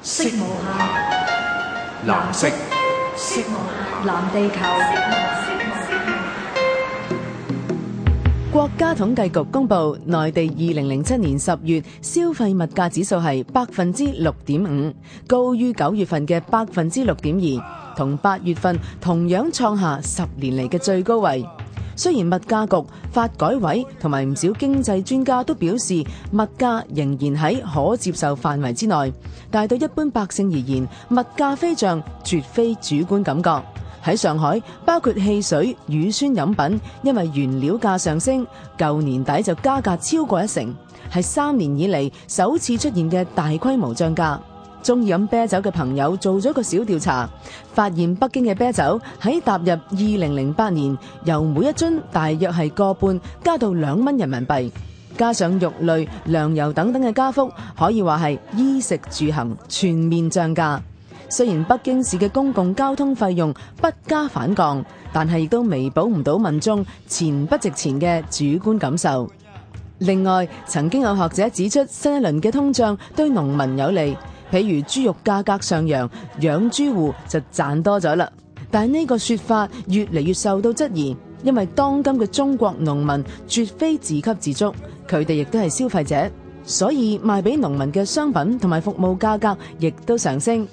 色無下藍色。色無限，藍地球。國家統計局公布，內地二零零七年十月消費物價指數係百分之六點五，高於九月份嘅百分之六點二，同八月份同樣創下十年嚟嘅最高位。雖然物價局、發改委同埋唔少經濟專家都表示物價仍然喺可接受範圍之內，但係對一般百姓而言，物價飛漲絕非主觀感覺。喺上海，包括汽水、乳酸飲品，因為原料價上升，舊年底就加價超過一成，係三年以嚟首次出現嘅大規模漲價。中意飲啤酒嘅朋友做咗個小調查,發現北京嘅啤酒喺踏入二零零八年由每一樽大約係個半加到兩蚊人民幣加上肉類、糧油等等嘅加幅可以話係衣食住行,全面漲價雖然北京市嘅公共交通費用不加反降但係亦都彌補唔到民眾錢不值錢嘅主觀感受另外曾經有學者指出新一輪嘅通脹對農民有利譬如豬肉價格上揚，養豬戶就賺多咗啦。但係呢個説法越嚟越受到質疑，因為當今嘅中國農民絕非自給自足，佢哋亦都係消費者，所以賣俾農民嘅商品同埋服務價格亦都上升。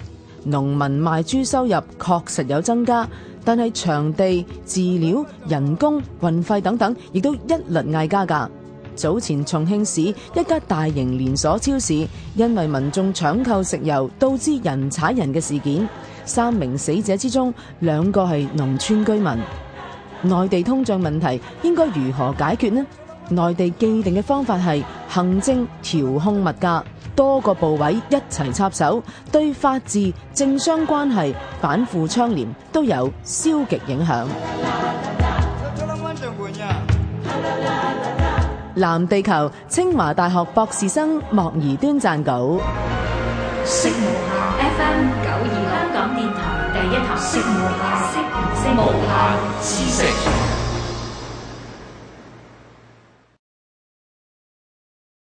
農民賣豬收入確實有增加，但係場地、飼料、人工、運費等等，亦都一律嗌加價。早前重慶市一家大型連鎖超市，因為民眾搶購食油，導致人踩人嘅事件。三名死者之中，兩個係農村居民。內地通脹問題應該如何解決呢？內地既定嘅方法係行政調控物價，多個部委一齊插手，對法治、政商關係、反腐倡廉都有消極影響。 藍地球，清華大學博士生莫宜端撰稿。